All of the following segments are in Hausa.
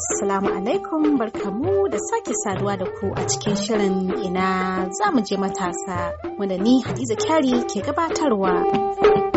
Assalamu alaikum barkamu da sake saduwa da ku a cikin shirin ina za mu je matasa wanda ni Hadiza Kyari ke gabatarwa.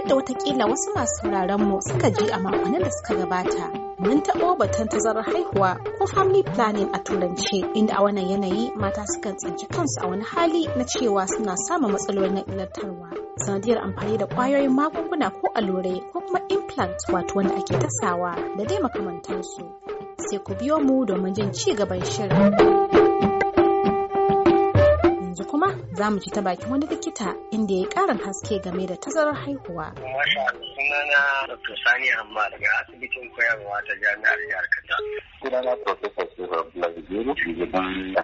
yadda watakila wasu masu mu suka ji a makonin da suka gabata mun taɓo batun tazarar haihuwa ko family planning a turanci inda a wannan yanayi mata sukan tsinci kansu a wani hali na cewa suna samun matsalolin na ilartarwa sanadiyar amfani da ƙwayoyin magunguna ko allurai ko kuma implant wato wanda ake tasawa da dai makamantansu sai ku biyo mu domin jin ci gaban shirin kuma za mu ji ta bakin wani likita inda ya karin haske game da tazarar haihuwa. Sunana Dr. Sani Amma daga asibitin koyarwa ta jami'ar jihar Katsina. Sunana Professor Sura Blazibiru, shugaban da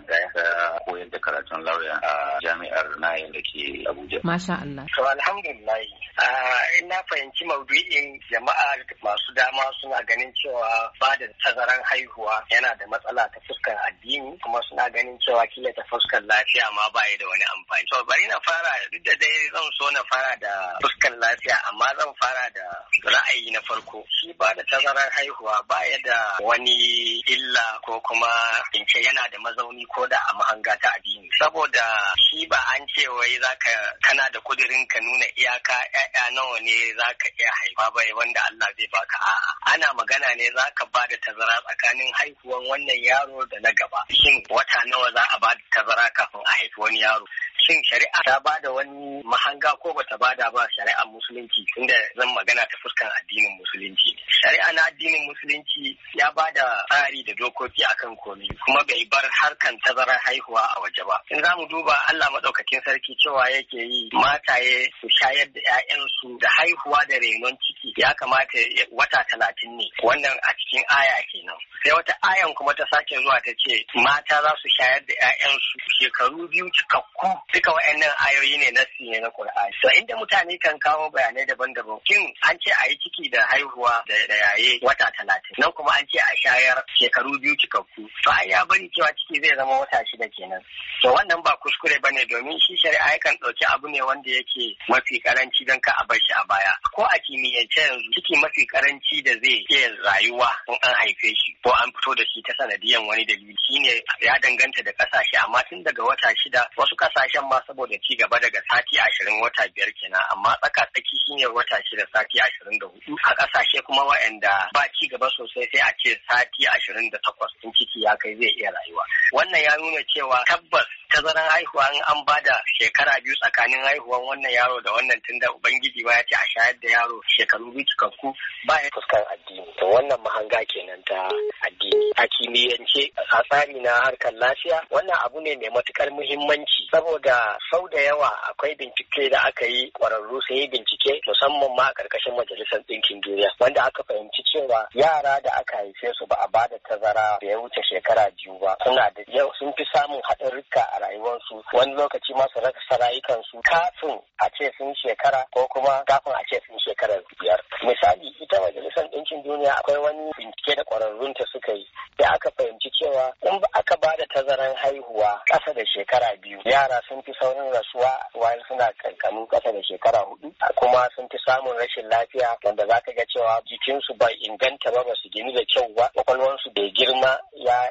koyar da karatun lauya a jami'ar Nayin da ke Abuja. Masha Allah. To alhamdulillah Ah, in na fahimci maudu'in jama'a masu dama suna ganin cewa ba da tazaran haihuwa yana da matsala ta fuskar addini kuma suna ganin cewa kila ta fuskar lafiya ma ba da wani amfani. to bari na fara duk da dai zan so na fara da fuskar lafiya amma zan fara da ra'ayi na farko. Shi ba da tazaran haihuwa ba ya da wani illa ko kuma in ce yana da mazauni ko da a mahanga ta addini. Saboda shi ba an ce wai zaka kana da kudirin ka nuna iyaka 'ya'ya nawa ne za ka iya haifa bai wanda Allah zai baka a'a ana magana ne za ka ba da tazara tsakanin haihuwan wannan yaro da na gaba shin wata nawa za a ba da tazara kafin a haifi wani yaro shin shari'a ta ba da wani mahanga ko bata ba da ba shari'ar musulunci tunda zan magana ta fuskan addinin musulunci shari'a na addinin musulunci ya ba da tsari da dokoki akan komi kuma bai bar harkan tazarar haihuwa a waje ba in za mu duba Allah maɗaukakin sarki cewa yake yi mataye su shayar da 'ya'yansu da haihuwa da renon ciki ya kamata wata talatin ne wannan a cikin aya kenan sai wata ayan kuma ta sake zuwa ta ce mata za su shayar da 'ya'yansu shekaru biyu cikakku duka wa'annan ayoyi ne na siye na Qur'ani so inda mutane kan kawo bayanai daban-daban kin an ce a yi ciki da haihuwa da yaye wata talatin nan kuma an ce a shayar shekaru biyu cikakku to a ya bari cewa ciki zai zama wata shida kenan to wannan ba kuskure bane domin shi shari'a yakan ɗauki abu ne wanda yake mafi karanci don ka a bar shi a baya ko a kimiyyance yanzu ciki mafi karanci da zai iya rayuwa in an haife shi ko an fito da shi ta sanadiyan wani dalili shine ya danganta da kasashe amma tun daga wata shida wasu kasashen nan ma saboda ci gaba daga sati ashirin wata biyar kenan amma tsaka tsaki shine wata shida sati ashirin da hudu a kasashe kuma wa'anda ba ci gaba sosai sai a ce sati ashirin da takwas in ciki ya kai zai iya rayuwa wannan ya nuna cewa tabbas tazaran haihuwa in an da shekara biyu tsakanin haihuwan wannan yaro da wannan tunda ubangiji ba ya ce a shayar da yaro shekaru biyu cikakku ba ya fuskar addini to wannan mahanga kenan ta addini a kimiyyance a tsari na harkar lafiya wannan abu ne mai matukar muhimmanci saboda sau da yawa akwai bincike da aka yi kwararru sai bincike musamman ma a karkashin majalisar ɗinkin duniya wanda aka fahimci cewa yara da aka haife su ba a ba da tazara da ya wuce shekara biyu ba suna da yau sun fi samun haɗarurruka a rayuwarsu wani lokaci ma su rasa rayukansu kafin a ce sun shekara ko kuma kafin a ce sun shekarar biyar misali ita majalisar ɗinkin duniya akwai wani bincike da ƙwararrun ta suka yi da aka fahimci cewa in ba aka ba da tazaran haihuwa ƙasa da shekara biyu yara sun fi saurin rasuwa wani suna kankanu ƙasa da shekara hudu kuma sun fi samun rashin lafiya wanda za ka ga cewa jikinsu bai inganta ba ba su gini da kyau ba kwakwalwansu bai girma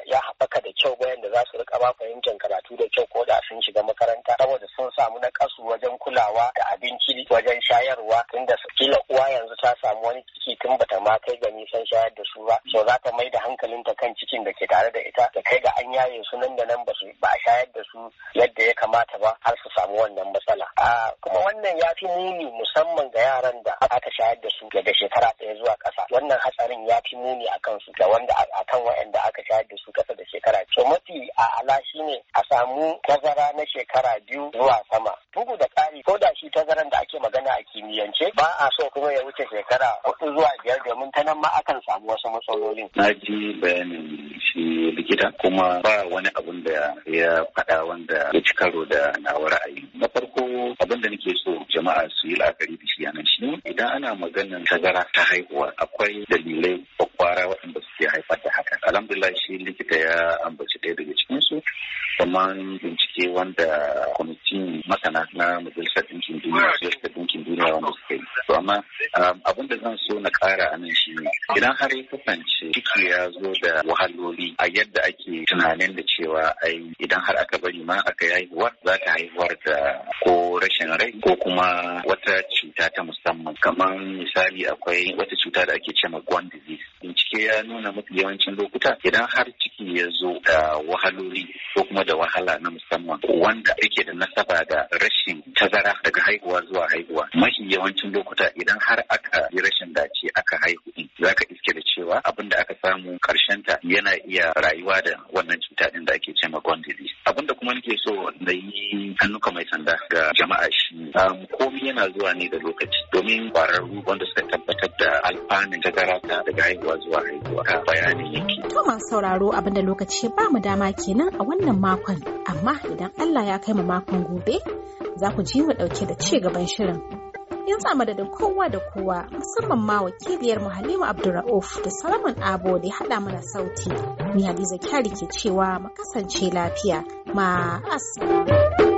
ya haɓaka da kyau ba karatu da kyau ko da sun shiga makaranta saboda sun samu na kasu wajen kulawa da abinci wajen shayarwa tunda kila uwa samu wani ciki tun bata ma kai ga nisan shayar da su ba so za ta mai da ta kan cikin da ke tare da ita ta kai ga an yaye su nan da nan ba su ba a shayar da su yadda ya kamata ba har su samu wannan matsala a kuma wannan ya fi muni musamman ga yaran da aka shayar da su daga shekara ɗaya zuwa ƙasa wannan hatsarin ya fi muni a kan su da wanda a kan wa'anda aka shayar da su ƙasa da shekara so mafi a ala shine a samu tazara na shekara biyu zuwa sama bugu da ƙari ko da shi tazaran da ake magana a kimiyyance ba a so kuma ya wuce shekara hudu zuwa biyar domin ta nan ma akan samu wasu matsalolin. Na ji bayanin shi likita kuma ba wani abun da ya faɗa wanda ya ci karo da nawa ra'ayi. Na farko Ko abin da nake so jama'a su yi la'akari da shi anan shi idan ana maganar tazara ta haihuwa akwai dalilai kwakwara waɗanda suke haifar da haka alhamdulillah shi likita ya ambaci ɗaya daga cikin su kuma bincike wanda kwamitin masana na majalisar ɗinkin duniya yasta ɗinkin duniya wanda suka yi to amma um, abin da zan so na ƙara anan shi ne idan har ya kasance ciki ya zo da wahaloli a yadda ake tunanin da cewa ai idan har aka bari ma aka yi haihuwar za ta haihuwar da ko ko rashin rai ko kuma wata cuta ta musamman kamar misali akwai wata cuta da ake cewa gwan disease bincike ya nuna mafi yawancin lokuta idan har ciki ya zo da wahaloli ko kuma da wahala na musamman wanda ake da nasaba da rashin tazara daga haihuwa zuwa haihuwa mafi yawancin lokuta idan har aka yi rashin dace aka haihu za ka iske da cewa abin da aka samu karshen ta yana iya rayuwa da wannan cuta din da ake cewa gwan disease kuma nake so na yi hannuka mai sanda ga jama'a shi um, komi yana zuwa ne da lokaci domin kwararru wanda suka tabbatar da alfanun garata daga haihuwa zuwa haihuwa ta bayani yake. To masu sauraro abinda lokaci ba mu dama kenan a wannan makon amma idan Allah ya kai mu makon gobe za ku ji mu ɗauke da ci gaban shirin. Yan a madadin kowa da kowa musamman ma wakiliyar mu Halima Abdulrauf da Salaman Abo da ya haɗa mana sauti. Ni Hadiza Kyari ke cewa mu kasance lafiya. Ma'as.